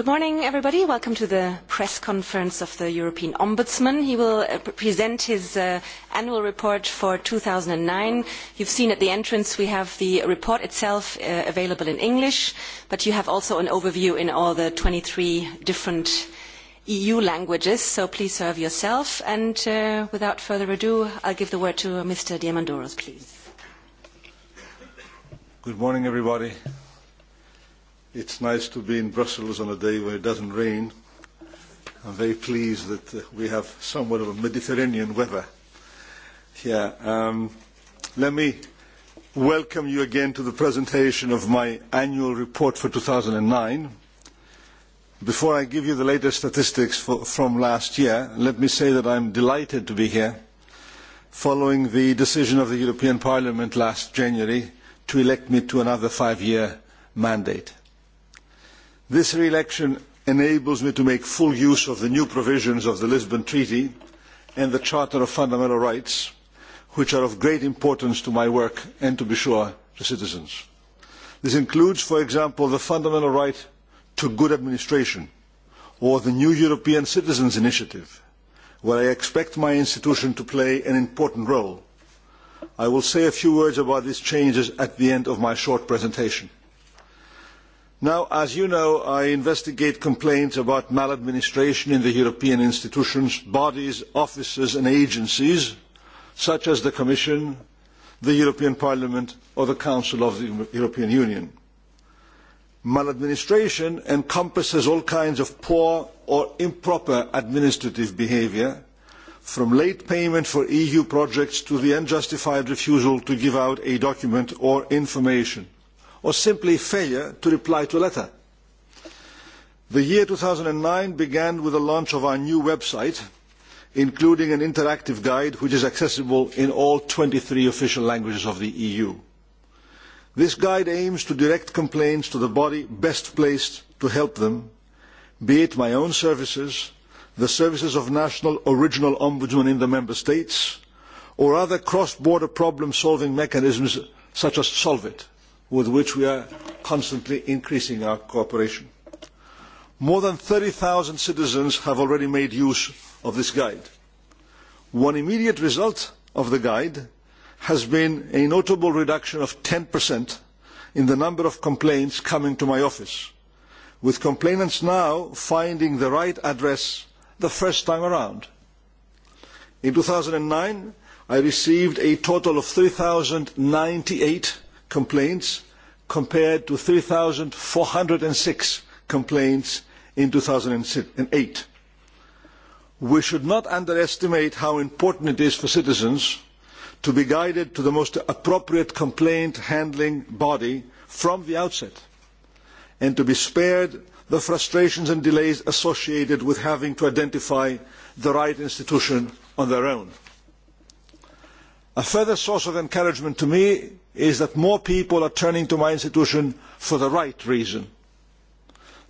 Good morning, everybody. Welcome to the press conference of the European Ombudsman. He will present his annual report for 2009. You've seen at the entrance we have the report itself available in English, but you have also an overview in all the 23 different EU languages, so please serve yourself. And without further ado, I'll give the word to Mr. Diamandouros, please. Good morning, everybody it's nice to be in Brussels on a day when it doesn't rain. I'm very pleased that uh, we have somewhat of a Mediterranean weather here. Um, let me welcome you again to the presentation of my annual report for 2009. Before I give you the latest statistics for, from last year, let me say that I'm delighted to be here following the decision of the European Parliament last January to elect me to another five-year mandate. This re-election enables me to make full use of the new provisions of the Lisbon Treaty and the Charter of Fundamental Rights, which are of great importance to my work and, to be sure, to citizens. This includes, for example, the fundamental right to good administration or the new European Citizens Initiative, where I expect my institution to play an important role. I will say a few words about these changes at the end of my short presentation. Now, as you know, I investigate complaints about maladministration in the European institutions, bodies, offices and agencies, such as the Commission, the European Parliament or the Council of the European Union. Maladministration encompasses all kinds of poor or improper administrative behaviour, from late payment for EU projects to the unjustified refusal to give out a document or information or simply failure to reply to a letter. The year two thousand nine began with the launch of our new website, including an interactive guide which is accessible in all twenty three official languages of the EU. This guide aims to direct complaints to the body best placed to help them, be it my own services, the services of national original ombudsmen in the member states, or other cross-border problem-solving mechanisms such as Solvit with which we are constantly increasing our cooperation. More than thirty 30,000 citizens have already made use of this guide. One immediate result of the guide has been a notable reduction of 10% in the number of complaints coming to my office, with complainants now finding the right address the first time around. In two thousand nine I received a total of three ninety eight complaints compared to three four hundred and six complaints in two thousand and eight. We should not underestimate how important it is for citizens to be guided to the most appropriate complaint handling body from the outset and to be spared the frustrations and delays associated with having to identify the right institution on their own. A further source of encouragement to me is that more people are turning to my institution for the right reason,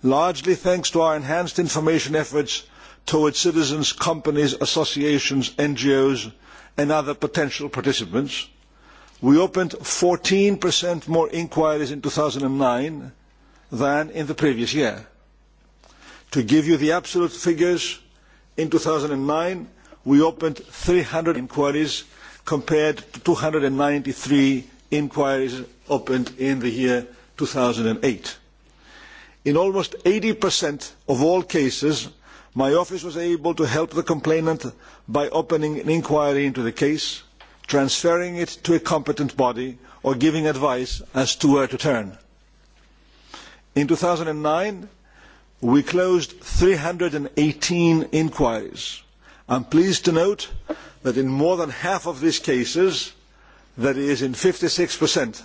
largely thanks to our enhanced information efforts towards citizens, companies, associations, NGOs and other potential participants. We opened 14% more inquiries in two thousand nine than in the previous year. To give you the absolute figures, in two thousand nine we opened three hundred inquiries compared to two hundred and ninety three inquiries opened in the year two thousand eight. In almost 80% of all cases, my office was able to help the complainant by opening an inquiry into the case, transferring it to a competent body, or giving advice as to where to turn. In two thousand nine we closed three hundred and eighteen inquiries. I am pleased to note that in more than half of these cases, that is in fifty percent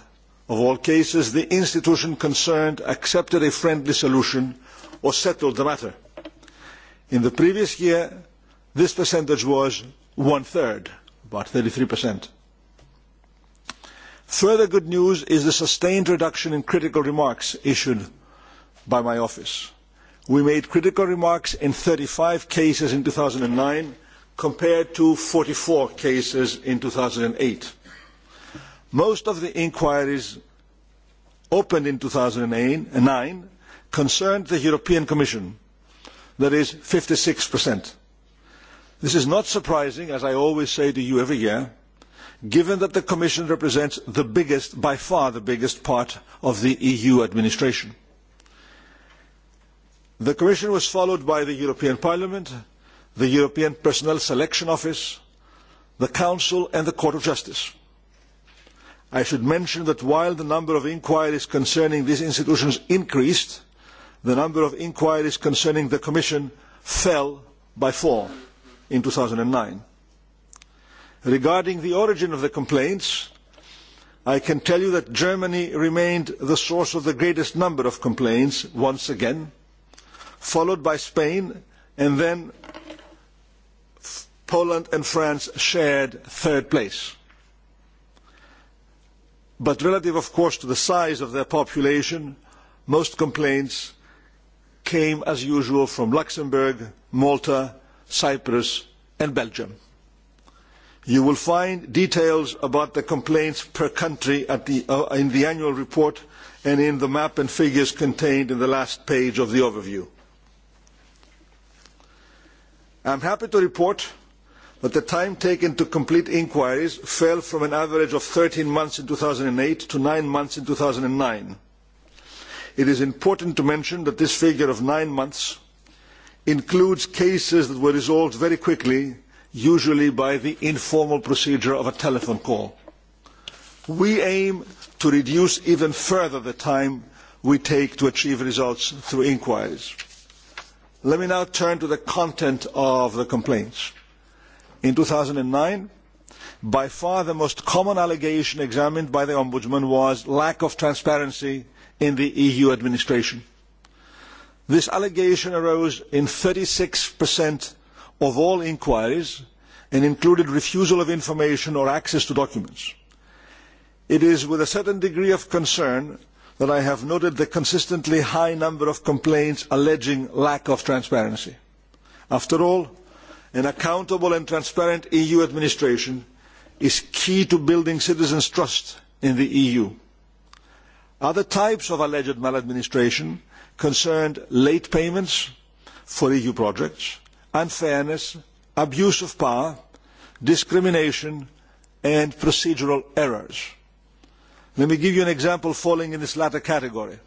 of all cases the institution concerned accepted a friendly solution or settled the matter. In the previous year, this percentage was one-third, about thirty percent. Further good news is the sustained reduction in critical remarks issued by my office. We made critical remarks in thirty five cases in two thousand nine compared to forty four cases in two thousand eight Most of the inquiries opened in two thousand and nine concerned the European Commission, that is fifty six This is not surprising, as I always say to you every year, given that the Commission represents the biggest, by far the biggest part of the EU administration. The Commission was followed by the European Parliament, the European Personnel Selection Office, the Council and the Court of Justice. I should mention that while the number of inquiries concerning these institutions increased, the number of inquiries concerning the Commission fell by four in two thousand nine. Regarding the origin of the complaints, I can tell you that Germany remained the source of the greatest number of complaints once again, followed by Spain, and then Poland and France shared third place. But relative, of course, to the size of their population, most complaints came, as usual, from Luxembourg, Malta, Cyprus, and Belgium. You will find details about the complaints per country in the annual report and in the map and figures contained in the last page of the overview. I am happy to report But the time taken to complete inquiries fell from an average of thirteen months in two thousand and eight to nine months in. two thousand and nine it is important to mention that this figure of nine months includes cases that were resolved very quickly usually by the informal procedure of a telephone call. We aim to reduce even further the time we take to achieve results through inquiries. Let me now turn to the content of the complaints in two thousand nine by far the most common allegation examined by the ombudsman was lack of transparency in the eu administration. this allegation arose in thirty six of all inquiries and included refusal of information or access to documents. it is with a certain degree of concern that i have noted the consistently high number of complaints alleging lack of transparency. after all An accountable and transparent EU administration is key to building citizens' trust in the EU. Other types of alleged maladministration concerned late payments for EU projects, unfairness, abuse of power, discrimination and procedural errors. Let me give you an example falling in this latter category.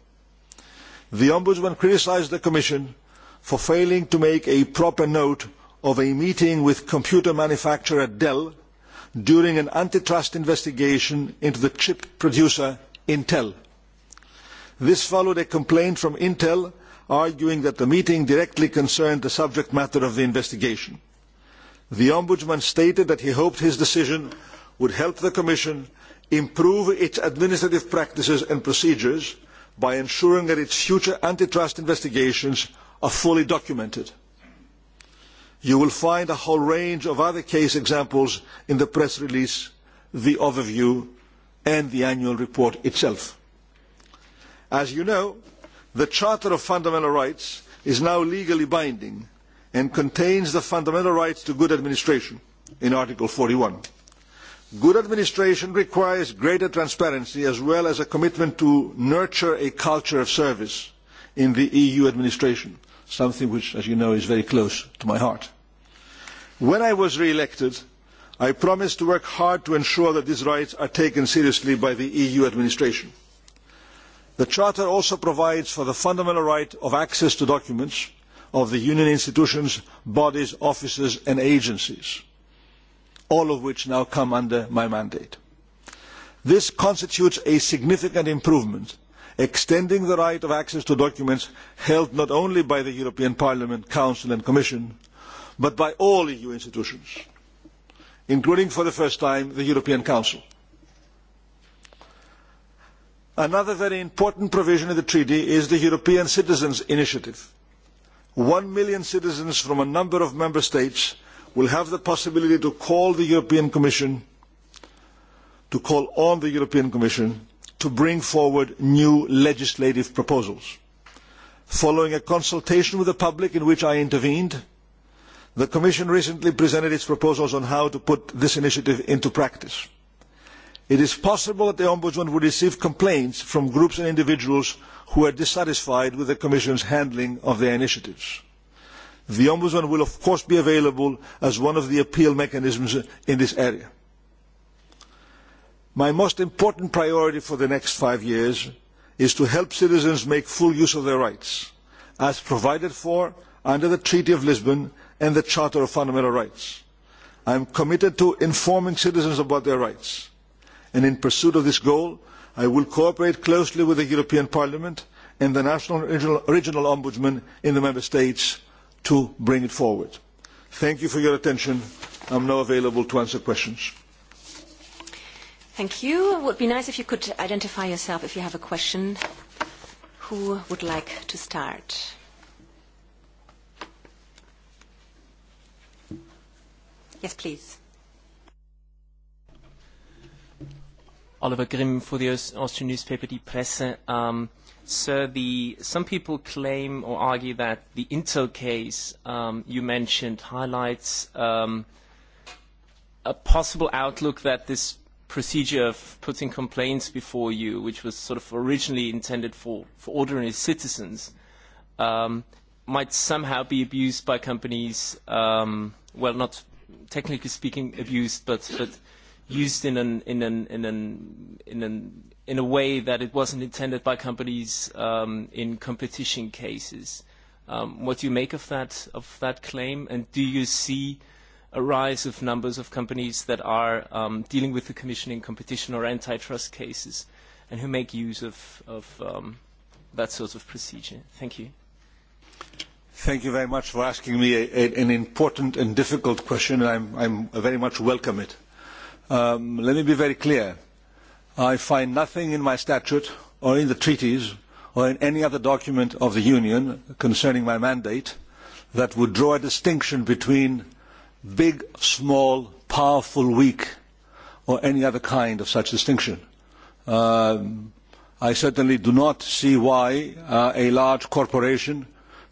The Ombudsman criticised the Commission for failing to make a proper note of a meeting with computer manufacturer Dell during an antitrust investigation into the chip producer Intel. This followed a complaint from Intel arguing that the meeting directly concerned the subject matter of the investigation. The Ombudsman stated that he hoped his decision would help the Commission improve its administrative practices and procedures by ensuring that its future antitrust investigations are fully documented. You will find a whole range of other case examples in the press release, the overview, and the annual report itself. As you know, the Charter of Fundamental Rights is now legally binding and contains the fundamental rights to good administration in Article forty one. Good administration requires greater transparency as well as a commitment to nurture a culture of service in the EU administration something which, as you know, is very close to my heart. When I was re-elected, I promised to work hard to ensure that these rights are taken seriously by the EU administration. The Charter also provides for the fundamental right of access to documents of the Union institutions, bodies, offices and agencies, all of which now come under my mandate. This constitutes a significant improvement extending the right of access to documents held not only by the European Parliament, Council and Commission, but by all EU institutions, including for the first time the European Council. Another very important provision in the treaty is the European Citizens Initiative. One million citizens from a number of member states will have the possibility to call the European Commission, to call on the European Commission to bring forward new legislative proposals. Following a consultation with the public in which I intervened, the Commission recently presented its proposals on how to put this initiative into practice. It is possible that the Ombudsman will receive complaints from groups and individuals who are dissatisfied with the Commission's handling of their initiatives. The Ombudsman will of course be available as one of the appeal mechanisms in this area. My most important priority for the next five years is to help citizens make full use of their rights, as provided for under the Treaty of Lisbon and the Charter of Fundamental Rights. I am committed to informing citizens about their rights, and in pursuit of this goal, I will cooperate closely with the European Parliament and the national regional ombudsman in the member states to bring it forward. Thank you for your attention. I am now available to answer questions. Thank you. It would be nice if you could identify yourself if you have a question. Who would like to start? Yes, please. Oliver Grimm for the Austrian newspaper Die Presse. Um, sir, the, some people claim or argue that the Intel case um, you mentioned highlights um, a possible outlook that this procedure of putting complaints before you, which was sort of originally intended for, for ordinary citizens, um, might somehow be abused by companies, um, well, not technically speaking abused, but, but used in, an, in, an, in, an, in, an, in a way that it wasn't intended by companies um, in competition cases. Um, what do you make of that, of that claim, and do you see – a rise of numbers of companies that are um, dealing with the Commission in competition or antitrust cases and who make use of, of um, that sort of procedure. Thank you. Thank you very much for asking me a, a, an important and difficult question, and I'm, I very much welcome it. Um, let me be very clear. I find nothing in my statute or in the treaties or in any other document of the Union concerning my mandate that would draw a distinction between big, small, powerful, weak, or any other kind of such distinction. I certainly do not see why a large corporation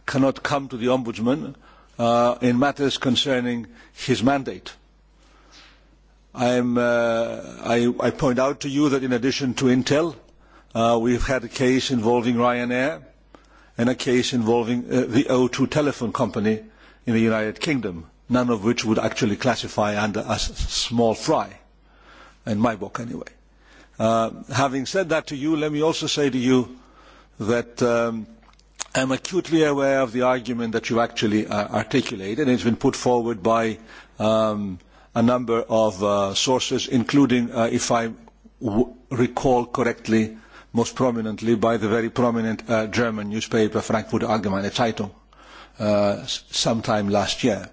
cannot come to the Ombudsman in matters concerning his mandate. I, point out to you that in addition to Intel, we have had a case involving Ryanair and a case involving the O2 telephone company in the United Kingdom none of which would actually classify under as small fry, in my book anyway. having said that to you, let me also say to you that I am acutely aware of the argument that you actually articulated, and it's been put forward by a number of sources, including, if I recall correctly, most prominently by the very prominent German newspaper Frankfurt Allgemeine Zeitung sometime last year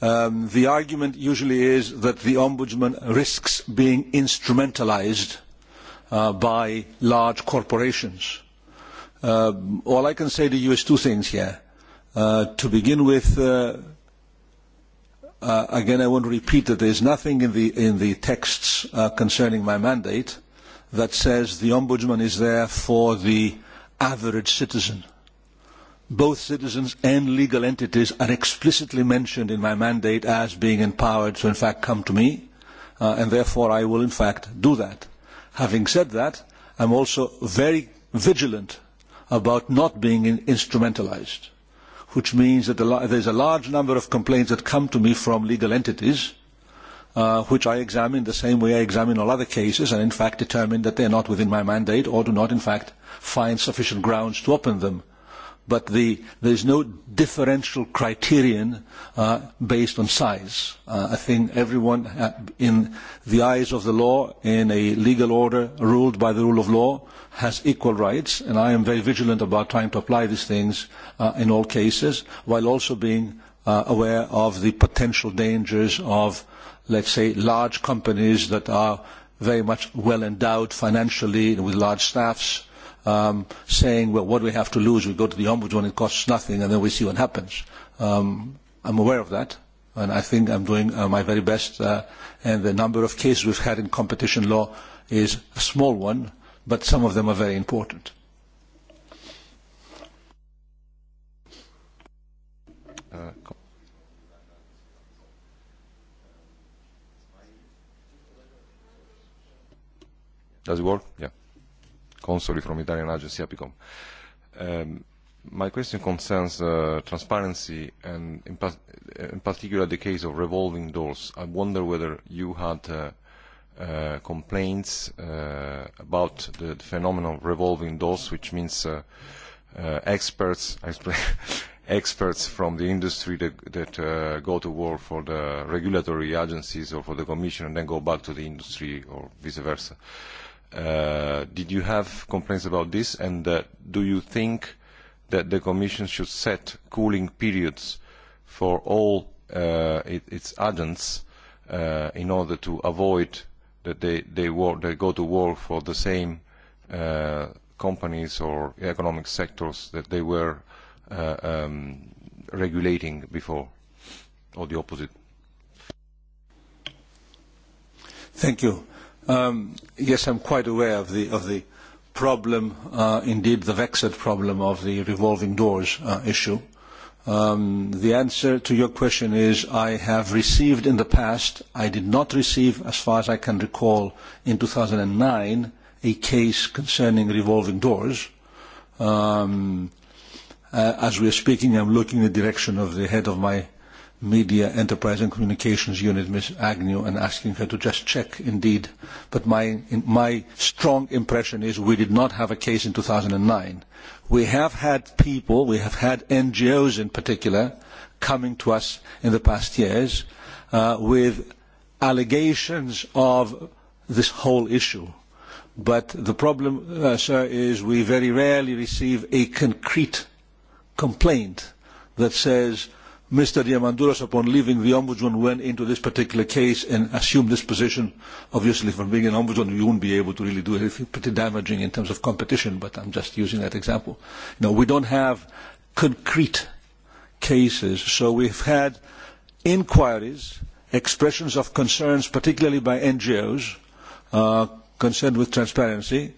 the argument usually is that the ombudsman risks being instrumentalised by large corporations. all I can say to you is two things here. to begin with, again, I want to repeat that there is nothing in the, in the texts concerning my mandate that says the ombudsman is there for the average citizen both citizens and legal entities are explicitly mentioned in my mandate as being empowered to in fact come to me and therefore I will in fact do that. Having said that, I am also very vigilant about not being instrumentalised, which means that there is a large number of complaints that come to me from legal entities which I examine the same way I examine all other cases and in fact determine that they are not within my mandate or do not in fact find sufficient grounds to open them but the, there's no differential criterion uh, based on size. Uh, I think everyone, uh, in the eyes of the law, in a legal order ruled by the rule of law, has equal rights, and I am very vigilant about trying to apply these things uh, in all cases, while also being uh, aware of the potential dangers of, let's say, large companies that are very much well endowed financially with large staffs, um, saying, well, what do we have to lose? We go to the ombudsman, it costs nothing, and then we see what happens. Um, I'm aware of that, and I think I'm doing uh, my very best. Uh, and the number of cases we've had in competition law is a small one, but some of them are very important. Does it work? Yeah. Consoli from Italian agency APICOM. Um, my question concerns uh, transparency and in, pa in particular the case of revolving doors. I wonder whether you had uh, uh, complaints uh, about the, the phenomenon of revolving doors, which means uh, uh, experts, experts from the industry that, that uh, go to work for the regulatory agencies or for the commission and then go back to the industry or vice versa. Uh, Did you have complaints about this? And do you think that the Commission should set cooling periods for all its agents in order to avoid that they, they, work, they go to work for the same companies or economic sectors that they were regulating before, or the opposite? Thank you yes, I am quite aware of the, problem, indeed the vexed problem of the revolving doors issue. the answer to your question is I have received in the past, I did not receive, as far as I can recall, in two thousand nine a case concerning revolving doors. as we are speaking, I am looking in the direction of the head of my Media Enterprise and Communications Unit, Ms. Agnew, and asking her to just check indeed. But my, in my strong impression is we did not have a case in 2009. We have had people, we have had NGOs in particular, coming to us in the past years with allegations of this whole issue. But the problem, sir, is we very rarely receive a concrete complaint that says Mr. Diamandouros, upon leaving the Ombudsman, went into this particular case and assumed this position. Obviously, from being an Ombudsman, you wouldn't be able to really do anything pretty damaging in terms of competition, but I'm just using that example. No, we don't have concrete cases, so we've had inquiries, expressions of concerns, particularly by NGOs uh, concerned with transparency,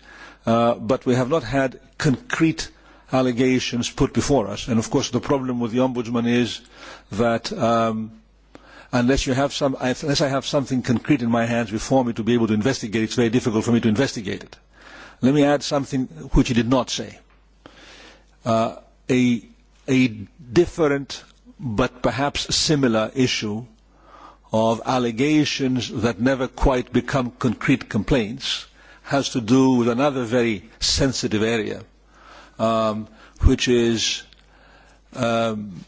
uh, but we have not had concrete allegations put before us. And of course, the problem with the ombudsman is that unless you have some, unless I have something concrete in my hands before me to be able to investigate, it's very difficult for me to investigate it. Let me add something which he did not say. Uh, a, a different but perhaps similar issue of allegations that never quite become concrete complaints has to do with another very sensitive area um, which is um,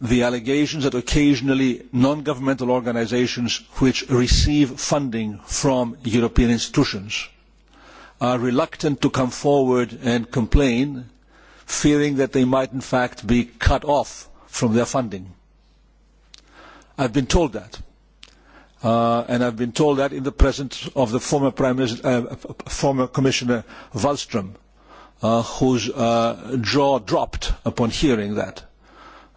the allegations that occasionally non-governmental organisations which receive funding from European institutions are reluctant to come forward and complain, fearing that they might in fact be cut off from their funding. I have been told that. and I have been told that in the presence of the former, Prime Minister, former Commissioner Wallström, whose uh jaw dropped upon hearing that.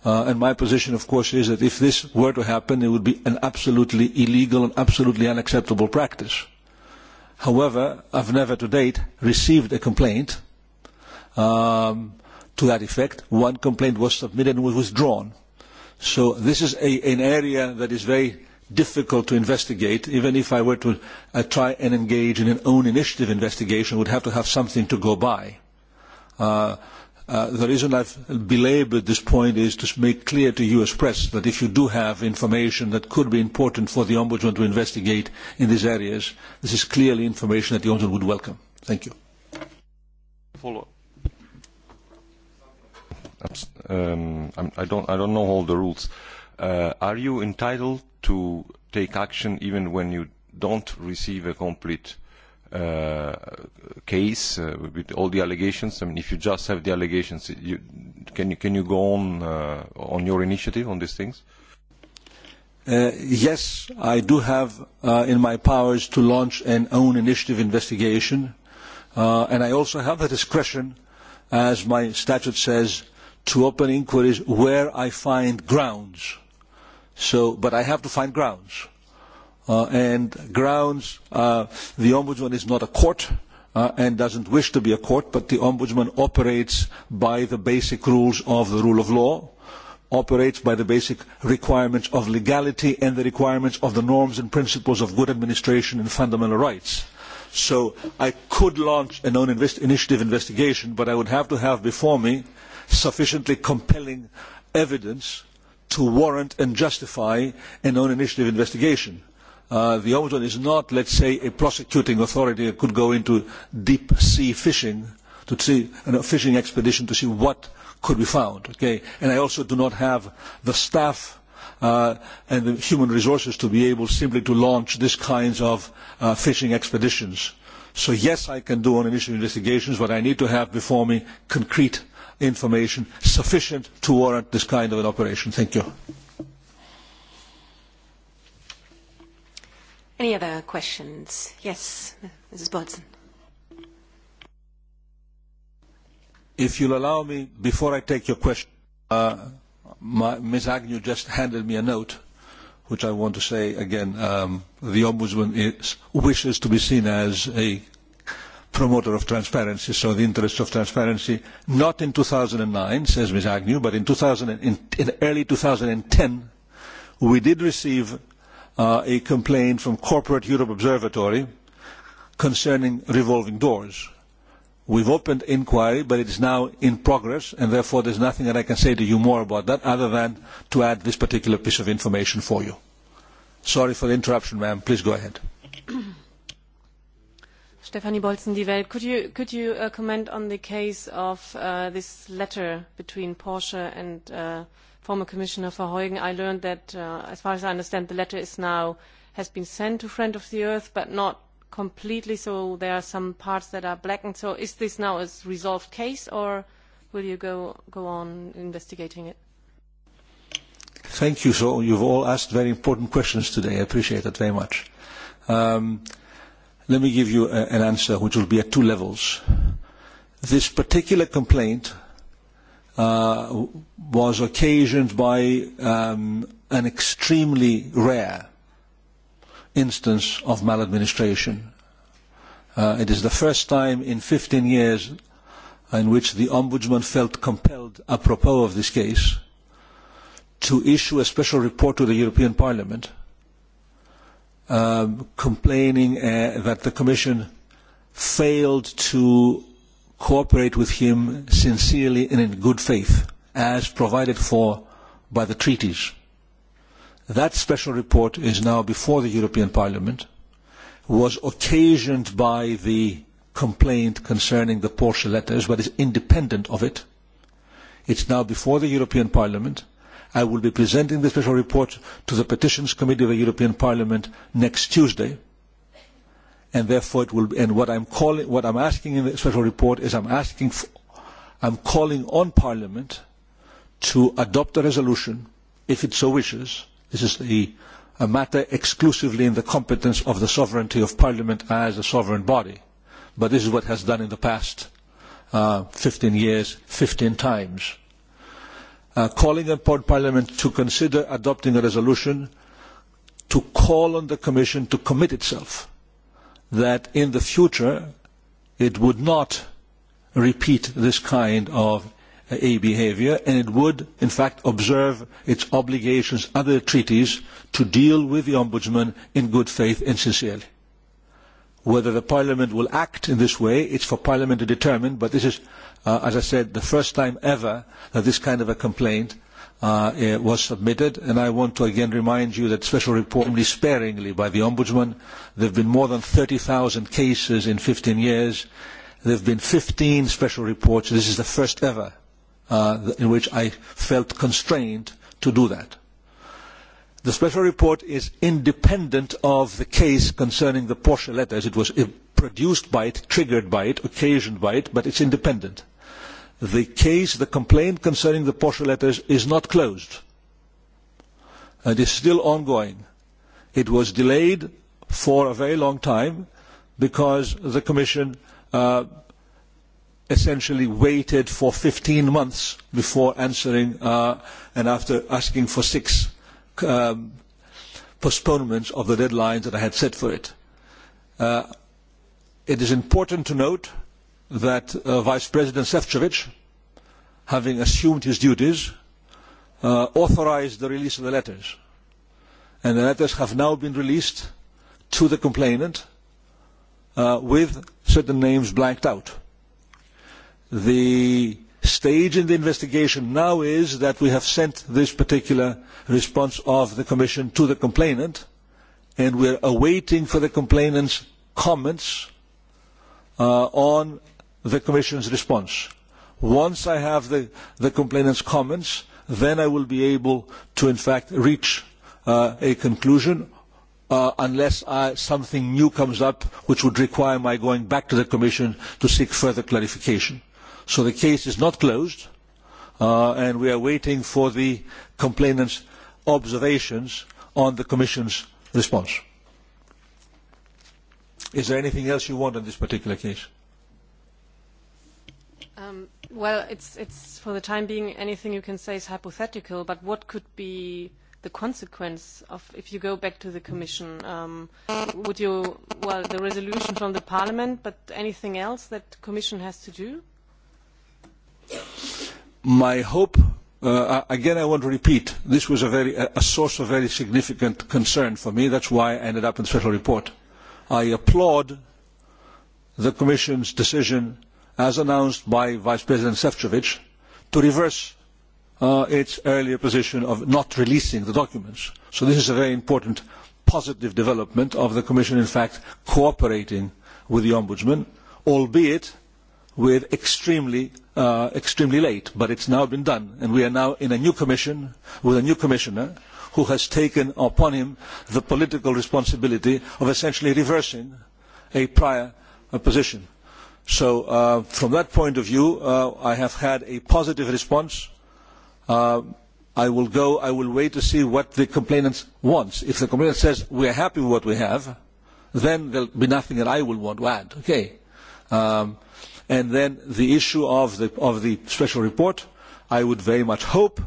and my position, of course, is that if this were to happen, it would be an absolutely illegal and absolutely unacceptable practice. However, I have never to date received a complaint to that effect. One complaint was submitted and was withdrawn. So this is an area that is very difficult to investigate. Even if I were to try and engage in an own initiative investigation, would have to have something to go by the reason I've belabored this point is to make clear to U.S. press that if you do have information that could be important for the Ombudsman to investigate in these areas, this is clearly information that the Ombudsman would welcome. Thank you. Follow. Um, I don't. I don't know all the rules. Uh, are you entitled to take action even when you don't receive a complete uh, case uh, with all the allegations? I mean, if you just have the allegations, you, can you can you go on uh, on your initiative on these things? Uh, yes, I do have uh, in my powers to launch an own initiative investigation, uh, and I also have the discretion, as my statute says, to open inquiries where I find grounds. So, but I have to find grounds and grounds. the Ombudsman is not a court and doesn't wish to be a court, but the Ombudsman operates by the basic rules of the rule of law, operates by the basic requirements of legality and the requirements of the norms and principles of good administration and fundamental rights. So I could launch a non-initiative investigation, but I would have to have before me sufficiently compelling evidence to warrant and justify a non-initiative investigation the Ombudsman is not, let's say, a prosecuting authority that could go into deep sea fishing to see a fishing expedition to see what could be found. Okay? And I also do not have the staff uh, and the human resources to be able simply to launch these kinds of uh, fishing expeditions. So yes, I can do on initial investigations, but I need to have before me concrete information sufficient to warrant this kind of an operation. Thank you. Any other questions? Yes, Mrs. Bodson. If you'll allow me, before I take your question, uh, my, Ms. Agnew just handed me a note, which I want to say again. Um, the Ombudsman is, wishes to be seen as a promoter of transparency, so the interest of transparency, not in 2009, says Ms. Agnew, but in, 2000, in, in early 2010, we did receive a complaint from Corporate Europe Observatory concerning revolving doors. We've opened inquiry, but it is now in progress, and therefore there's nothing that I can say to you more about that other than to add this particular piece of information for you. Sorry for the interruption, ma'am. Please go ahead. Stefanie Bolzen, Die Welt. Could you, could you uh, comment on the case of uh, this letter between Porsche and uh, former Commissioner Verheugen, I learned that, uh, as far as I understand, the letter is now has been sent to Friend of the Earth, but not completely. So there are some parts that are blackened. So is this now a resolved case, or will you go go on investigating it? Thank you. So you've all asked very important questions today. I appreciate that very much. Um, let me give you a, an answer, which will be at two levels. This particular complaint uh, was occasioned by um, an extremely rare instance of maladministration. Uh, it is the first time in 15 years in which the Ombudsman felt compelled, apropos of this case, to issue a special report to the European Parliament um, complaining uh, that the Commission failed to cooperate with him sincerely and in good faith, as provided for by the treaties. That special report is now before the European Parliament, was occasioned by the complaint concerning the Porsche letters, but is independent of it. It's now before the European Parliament. I will be presenting the special report to the Petitions Committee of the European Parliament next Tuesday and therefore it will. be And what I'm calling, what I'm asking in the special report is, I'm asking, for, I'm calling on Parliament to adopt a resolution, if it so wishes. This is a, a matter exclusively in the competence of the sovereignty of Parliament as a sovereign body, but this is what has done in the past uh, 15 years, 15 times. Uh, calling upon Parliament to consider adopting a resolution to call on the Commission to commit itself that in the future it would not repeat this kind of a behaviour and it would in fact observe its obligations under the treaties to deal with the ombudsman in good faith and sincerely. Whether the parliament will act in this way, it's for parliament to determine, but this is, as I said, the first time ever that this kind of a complaint was submitted, and I want to again remind you that special report only sparingly by the Ombudsman. There have been more than 30,000 cases in 15 years. There have been 15 special reports. This is the first ever in which I felt constrained to do that. The special report is independent of the case concerning the Porsche letters. It was produced by it, triggered by it, occasioned by it, but it's independent the case, the complaint concerning the Porsche letters is not closed and is still ongoing. It was delayed for a very long time because the Commission essentially waited for fifteen months before answering and after asking for six postponements of the deadlines that I had set for it. it is important to note that Vice President Sefcovic, having assumed his duties, authorised the release of the letters. And the letters have now been released to the complainant with certain names blanked out. The stage in the investigation now is that we have sent this particular response of the Commission to the complainant, and we are awaiting for the complainant's comments on the Commission's response. Once I have the, the complainant's comments, then I will be able to, in fact, reach a conclusion unless something new comes up which would require my going back to the Commission to seek further clarification. So the case is not closed, and we are waiting for the complainant's observations on the Commission's response. Is there anything else you want on this particular case? Um, well, it's, it's for the time being, anything you can say is hypothetical, but what could be the consequence of if you go back to the Commission? Um, would you, well, the resolution from the Parliament, but anything else that the Commission has to do? My hope, uh, again, I want to repeat, this was a, very, a source of very significant concern for me. That's why I ended up in the special report. I applaud the Commission's decision as announced by Vice President Šefčovic, to reverse its earlier position of not releasing the documents. So this is a very important positive development of the Commission, in fact, cooperating with the Ombudsman, albeit with extremely, late, but it has now been done. And we are now in a new Commission with a new Commissioner who has taken upon him the political responsibility of essentially reversing a prior position So from that point of view, I have had a positive response. I will go, I will wait to see what the complainant wants. If the complainant says, we are happy with what we have, then there will be nothing that I will want to add. Okay. and then the issue of the, of the special report, I would very much hope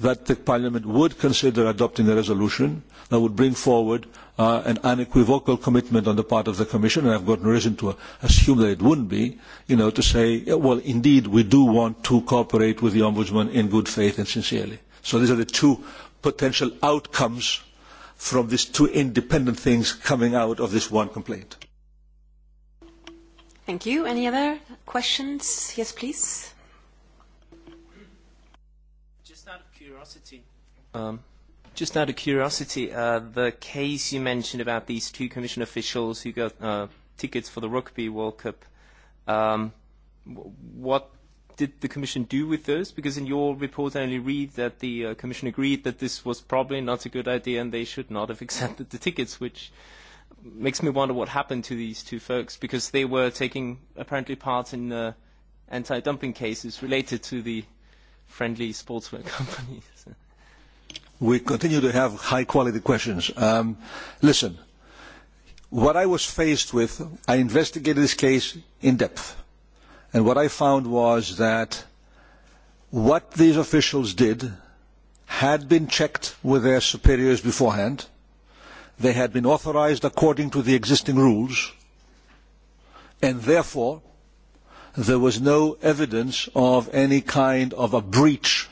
that the Parliament would consider adopting a resolution that would bring forward an unequivocal commitment on the part of the Commission, and I've got no reason to assume that it wouldn't be, you know, to say, well, indeed, we do want to cooperate with the Ombudsman in good faith and sincerely. So these are the two potential outcomes from these two independent things coming out of this one complaint. Thank you. Any other questions? Yes, please. Just out of curiosity, um, Just out of curiosity, uh, the case you mentioned about these two commission officials who got uh, tickets for the Rugby World Cup, um, what did the Commission do with those? Because in your report I only read that the uh, Commission agreed that this was probably not a good idea and they should not have accepted the tickets, which makes me wonder what happened to these two folks, because they were taking apparently part in uh, anti-dumping cases related to the friendly sportswear companies we continue to have high quality questions. Um, listen, what I was faced with, I investigated this case in depth. And what I found was that what these officials did had been checked with their superiors beforehand. They had been authorized according to the existing rules. And therefore, there was no evidence of any kind of a breach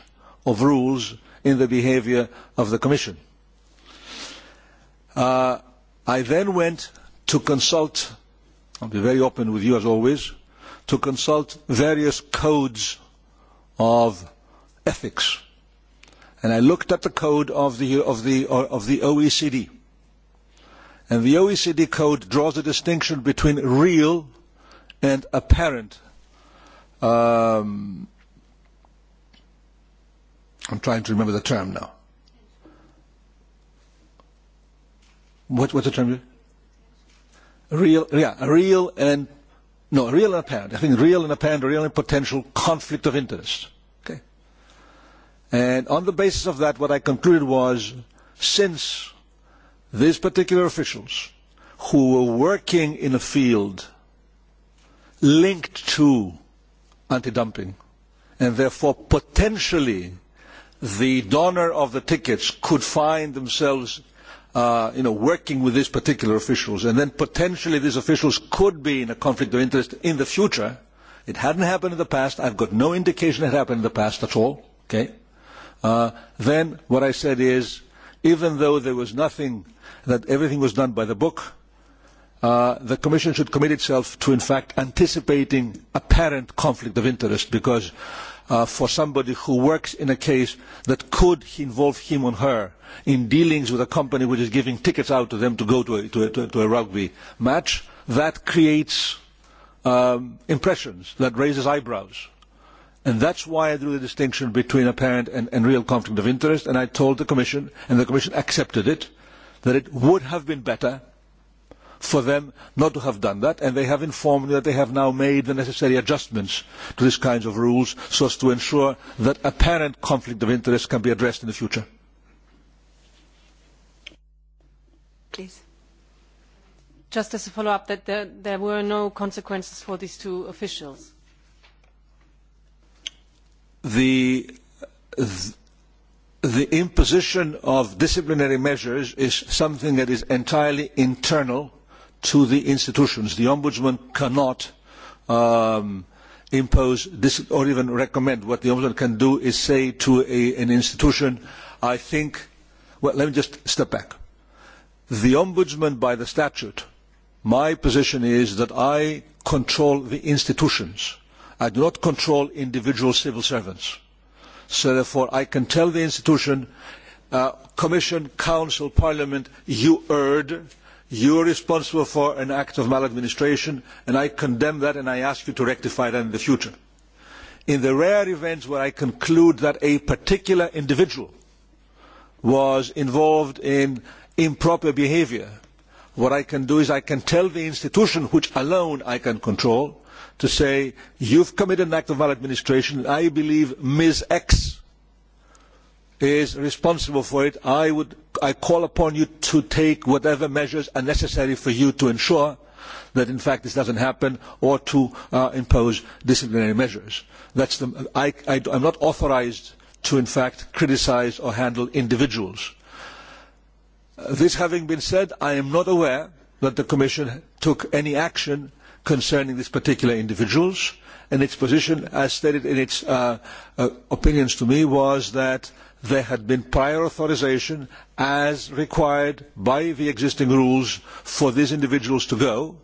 of rules in the behaviour of the Commission. I then went to consult, I'll be very open with you as always, to consult various codes of ethics. And I looked at the code of the, of the, of the OECD. And the OECD code draws a distinction between real and apparent um, I'm trying to remember the term now. What, what's the term? Real, yeah, a real and no, real and apparent. I think real and apparent, real and potential conflict of interest. Okay. And on the basis of that, what I concluded was, since these particular officials who were working in a field linked to anti-dumping and therefore potentially the donor of the tickets could find themselves working with these particular officials, and then potentially these officials could be in a conflict of interest in the future. It hadn't happened in the past. I've got no indication it happened in the past at all. Okay? then what I said is, even though there was nothing, that everything was done by the book, the Commission should commit itself to, in fact, anticipating apparent conflict of interest because for somebody who works in a case that could involve him or her in dealings with a company which is giving tickets out to them to go to a, to a, to a rugby match, that creates um, impressions, that raises eyebrows. And that's why I drew the distinction between apparent and, and real conflict of interest, and I told the Commission, and the Commission accepted it, that it would have been better for them not to have done that, and they have informed me that they have now made the necessary adjustments to these kinds of rules so as to ensure that apparent conflict of interest can be addressed in the future. Please. Just as a follow-up, that there, there were no consequences for these two officials. The, the imposition of disciplinary measures is something that is entirely internal to the institutions. The Ombudsman cannot impose this or even recommend. What the Ombudsman can do is say to an institution, I think, well, let me just step back. The Ombudsman by the statute, my position is that I control the institutions. I do not control individual civil servants. So therefore, I can tell the institution, Commission, Council, Parliament, you erred You are responsible for an act of maladministration, and I condemn that and I ask you to rectify that in the future. In the rare events where I conclude that a particular individual was involved in improper behaviour, what I can do is I can tell the institution, which alone I can control, to say, you have committed an act of maladministration, and I believe Ms. X is responsible for it, I, call upon you to take whatever measures are necessary for you to ensure that in fact this does not happen or to impose disciplinary measures. That's the, I, I, I'm not authorised to in fact criticise or handle individuals. This having been said, I am not aware that the Commission took any action concerning these particular individuals, and its position, as stated in its opinions to me, was that there had been prior authorisation as required by the existing rules for these individuals to go.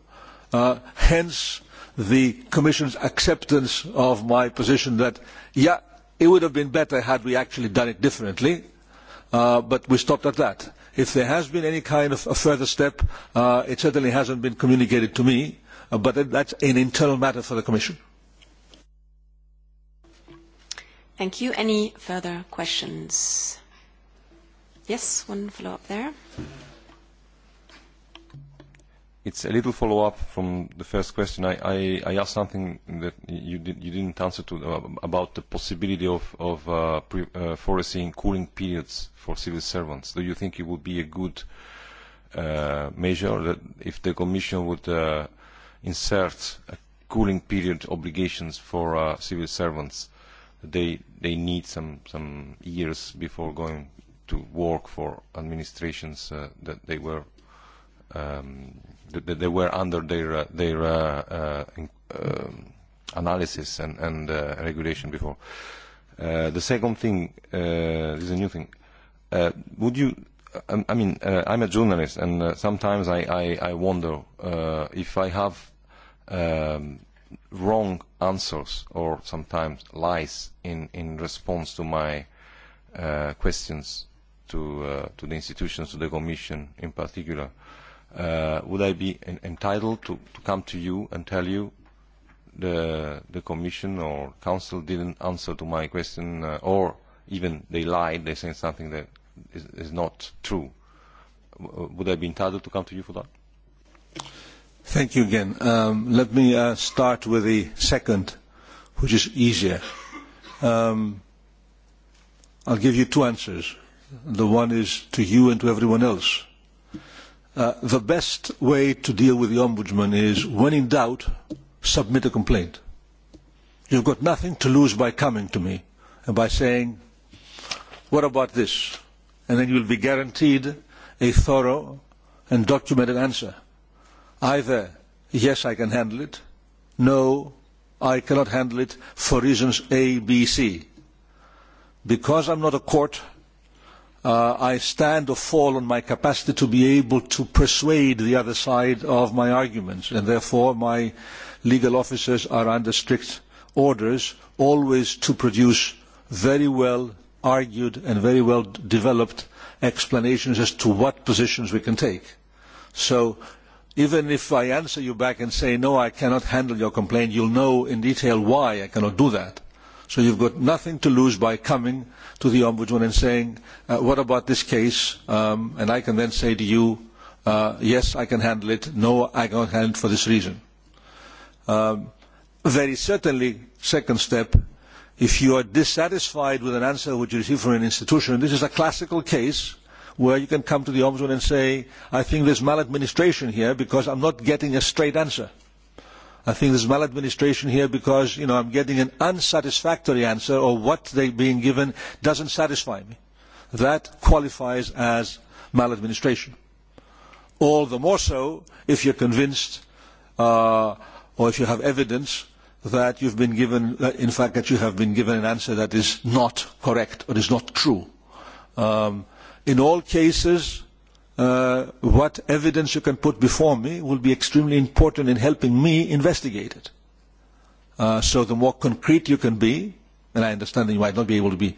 hence, the Commission's acceptance of my position that, yeah, it would have been better had we actually done it differently, but we stopped at that. If there has been any kind of a further step, it certainly has not been communicated to me, but that is an internal matter for the Commission. Thank you. Any further questions? Yes, one follow-up there. It's a little follow-up from the first question. I I I asked something that you did you didn't answer to about the possibility of pre uh foreseeing cooling periods for civil servants. Do you think it would be a good measure that if the Commission would insert a cooling period obligations for uh civil servants they they need some some years before going to work for administrations uh, that they were um, that they were under their uh, their uh, uh, um analysis and and uh, regulation before. Uh, the second thing uh, is a new thing. Uh, would you? I, I mean, uh, I'm a journalist, and uh, sometimes I I, I wonder uh, if I have. Um, wrong answers or sometimes lies in, in response to my uh, questions to, uh, to the institutions, to the Commission in particular, uh, would I be en entitled to, to come to you and tell you the, the Commission or Council didn't answer to my question uh, or even they lied, they said something that is, is not true? W would I be entitled to come to you for that? Thank you again. Um, let me uh, start with the second, which is easier. Um, I'll give you two answers. The one is to you and to everyone else. Uh, the best way to deal with the Ombudsman is, when in doubt, submit a complaint. You've got nothing to lose by coming to me and by saying, what about this? And then you'll be guaranteed a thorough and documented answer Either, yes, I can handle it, no, I cannot handle it for reasons A, B, C. Because I am not a court, I stand or fall on my capacity to be able to persuade the other side of my arguments, and therefore my legal officers are under strict orders always to produce very well argued and very well developed explanations as to what positions we can take. So even if I answer you back and say, no, I cannot handle your complaint, you'll know in detail why I cannot do that. So you've got nothing to lose by coming to the Ombudsman and saying, what about this case? and I can then say to you, yes, I can handle it. No, I cannot handle it for this reason. very certainly, second step, if you are dissatisfied with an answer which you receive from an institution, this is a classical case where you can come to the ombudsman and say, I think there's maladministration here because I'm not getting a straight answer. I think there's maladministration here because, you know, I'm getting an unsatisfactory answer or what they're being given doesn't satisfy me. That qualifies as maladministration. All the more so if you're convinced uh, or if you have evidence that you've been given, in fact, that you have been given an answer that is not correct or is not true. Um, in all cases, what evidence you can put before me will be extremely important in helping me investigate it. so the more concrete you can be, and I understand that you might not be able to be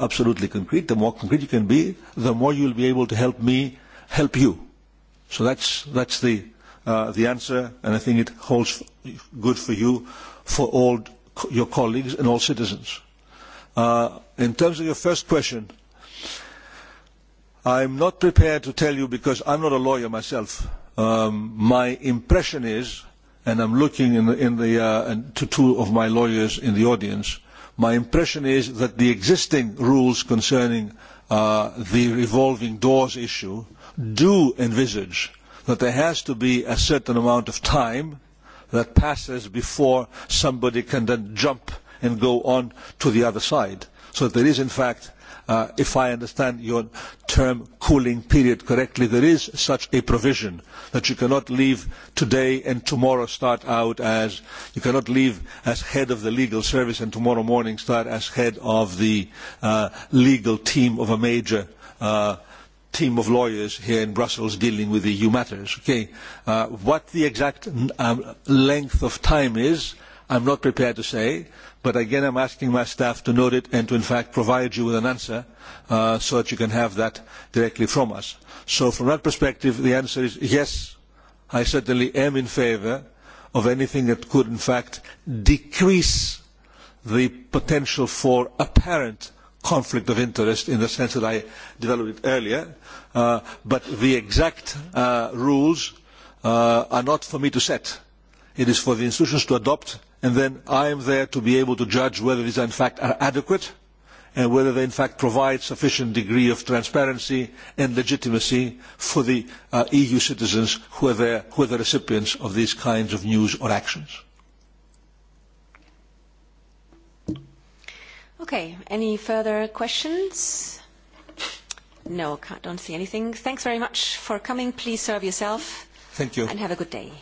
absolutely concrete, the more concrete you can be, the more you will be able to help me help you. So that's, that's the, uh, the answer, and I think it holds good for you, for all your colleagues and all citizens. Uh, in terms of your first question, I am not prepared to tell you because I am not a lawyer myself. my impression is, and I am looking at to two of my lawyers in the audience, my impression is that the existing rules concerning the revolving doors issue do envisage that there has to be a certain amount of time that passes before somebody can then jump and go on to the other side. So there is, in fact, if I understand your term cooling period correctly, there is such a provision that you cannot leave today and tomorrow start out as, you cannot leave as head of the legal service and tomorrow morning start as head of the legal team of a major team of lawyers here in Brussels dealing with EU matters. Okay. what the exact length of time is, I'm not prepared to say, but again, I'm asking my staff to note it and to, in fact, provide you with an answer uh, so that you can have that directly from us. So from that perspective, the answer is yes, I certainly am in favour of anything that could, in fact, decrease the potential for apparent conflict of interest in the sense that I developed it earlier. Uh, but the exact uh, rules uh, are not for me to set. It is for the institutions to adopt and then I am there to be able to judge whether these are in fact are adequate and whether they in fact provide sufficient degree of transparency and legitimacy for the EU citizens who are, there, who are the recipients of these kinds of news or actions. Okay, any further questions? No, I don't see anything. Thanks very much for coming. Please serve yourself. Thank you. And have a good day.